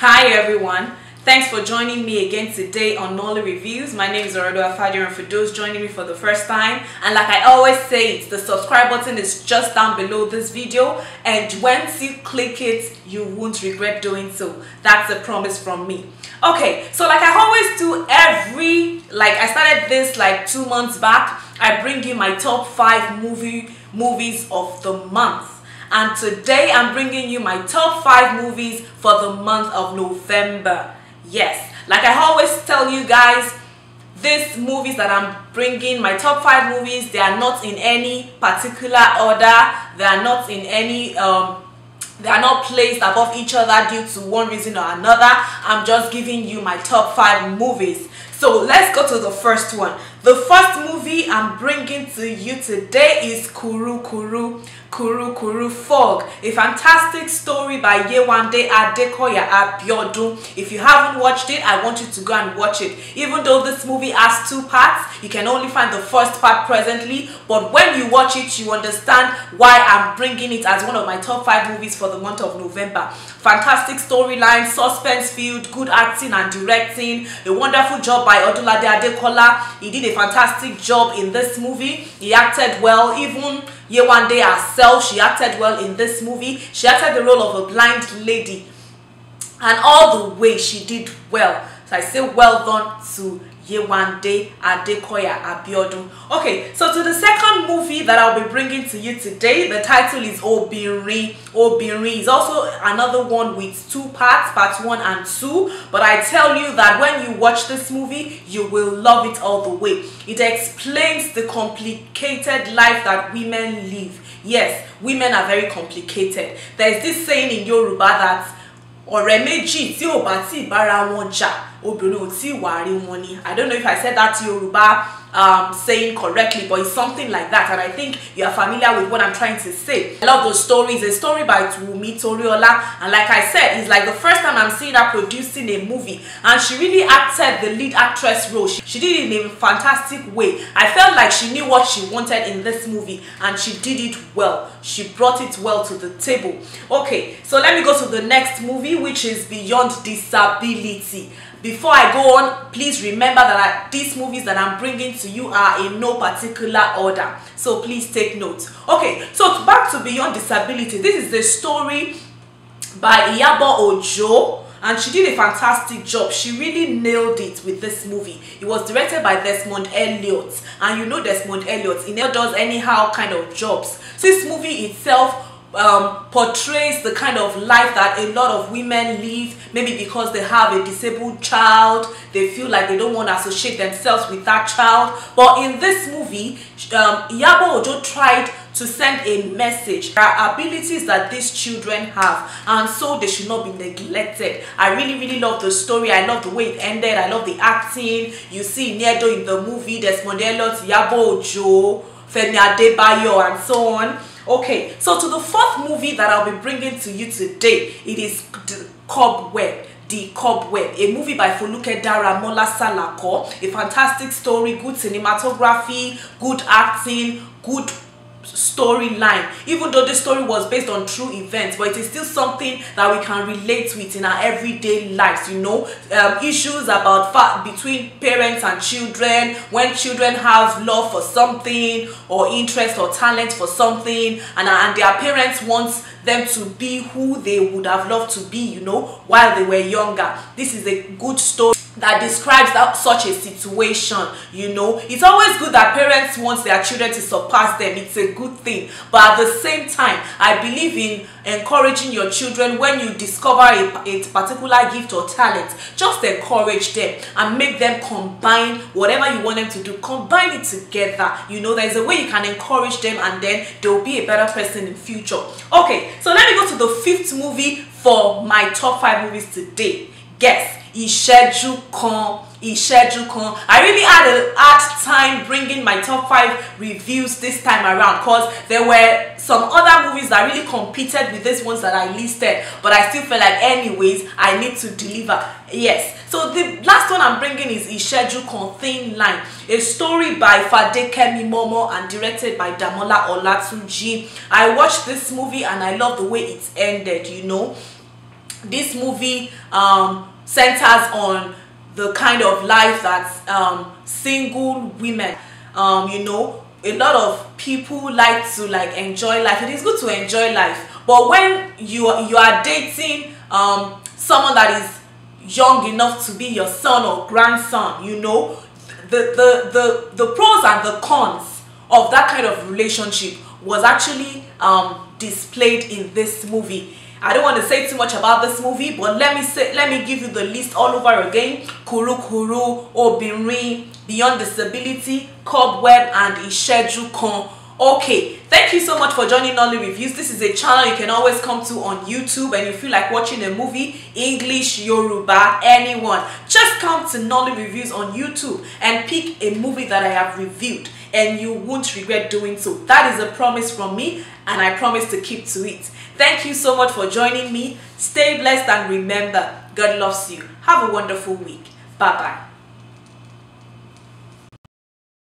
Hi everyone. Thanks for joining me again today on Nolly Reviews. My name is Orodo Afadir and for those joining me for the first time, and like I always say, the subscribe button is just down below this video and once you click it, you won't regret doing so. That's a promise from me. Okay, so like I always do every, like I started this like two months back, I bring you my top five movie movies of the month and today I'm bringing you my top 5 movies for the month of November. Yes, like I always tell you guys, these movies that I'm bringing, my top 5 movies, they are not in any particular order, they are not in any um, they are not placed above each other due to one reason or another i'm just giving you my top five movies so let's go to the first one the first movie i'm bringing to you today is kuru kuru Kuru kuru Fog, a fantastic story by Yewande Adekoya Abiodun. If you haven't watched it, I want you to go and watch it. Even though this movie has two parts, you can only find the first part presently, but when you watch it, you understand why I'm bringing it as one of my top 5 movies for the month of November. Fantastic storyline, suspense-filled, good acting and directing, a wonderful job by Odulade Adekola. He did a fantastic job in this movie. He acted well, even Yewande herself, she acted well in this movie. She acted the role of a blind lady. And all the way she did well. So I say well done to one day Adekoya Abiodun. Okay, so to the second movie that I'll be bringing to you today, the title is Obiri. Obiri is also another one with two parts, part one and two. But I tell you that when you watch this movie, you will love it all the way. It explains the complicated life that women live. Yes, women are very complicated. There's this saying in Yoruba that or tí ò bá ti o bara won obìnrin ò tí ì wà rí wọn ni i don't know if i said that Yoruba um, saying correctly but it's something like that and i think you are familiar with what i'm trying to say i love those stories a story by Wunmi Toriola and like i said it's like the first time i'm seeing her producing a movie and she really acted the lead actress role she, she did it in a fantastic way i felt like she knew what she wanted in this movie and she did it well she brought it well to the table okay so let me go to the next movie which is Beyond Disability before i go on please remember that I, these movies that i'm bringing to you are in no particular order so please take note okay so back to beyond disability this is the story by iyabo ojo and she did a fantastic job she really nailed it with this movie it was directed by desmond elliot and you know desmond elliot he never does anyhow kind of jobs so this movie itself um, portrays the kind of life that a lot of women live, maybe because they have a disabled child, they feel like they don't want to associate themselves with that child. But in this movie, um, Ojo tried to send a message. There are abilities that these children have and so they should not be neglected. I really really love the story. I love the way it ended. I love the acting. You see Niedo in the movie, Desmond Elliot, Yabo Ojo, Femi Adebayo and so on. Okay, so to the fourth movie that I'll be bringing to you today, it is the Cobweb. The Cobweb, a movie by Foluke Daramola Salako, a fantastic story, good cinematography, good acting, good storyline even though this story was based on true events but it is still something that we can relate with in our everyday lives you know um, issues about fact between parents and children when children have love for something or interest or talent for something and, uh, and their parents want them to be who they would have loved to be you know while they were younger this is a good story that describes that, such a situation you know it's always good that parents want their children to surpass them it's a good thing but at the same time i believe in encouraging your children when you discover a, a particular gift or talent just encourage them and make them combine whatever you want them to do combine it together you know there's a way you can encourage them and then they'll be a better person in future okay so let me go to the fifth movie for my top five movies today guess ìṣẹ́jú kan ìṣẹ́jú kan I really had a hard time bringing my top five reviews this time around cause there were some other movies that really competed with these ones that I listed but I still felt like anyways I need to deliver yes so the last one I'm bringing is Ìṣẹ́jú kan Thin Line a story by Fadekemi Momo and directed by Damola Olatunji I watched this movie and I love the way it ended you know this movie um, centers on the kind of life that um, single women, um, you know, a lot of people like to like enjoy life. It is good to enjoy life, but when you you are dating um, someone that is young enough to be your son or grandson, you know, the the the the pros and the cons of that kind of relationship was actually um, displayed in this movie I don't want to say too much about this movie, but let me say, let me give you the list all over again. Kuru Kuru, Obinrin, Beyond Disability, Cobweb, and Isheju Kon. Okay, thank you so much for joining Nolly Reviews. This is a channel you can always come to on YouTube and you feel like watching a movie, English, Yoruba, anyone. Just come to Nolly Reviews on YouTube and pick a movie that I have reviewed and you won't regret doing so. That is a promise from me and I promise to keep to it. Thank you so much for joining me. Stay blessed and remember, God loves you. Have a wonderful week. Bye-bye.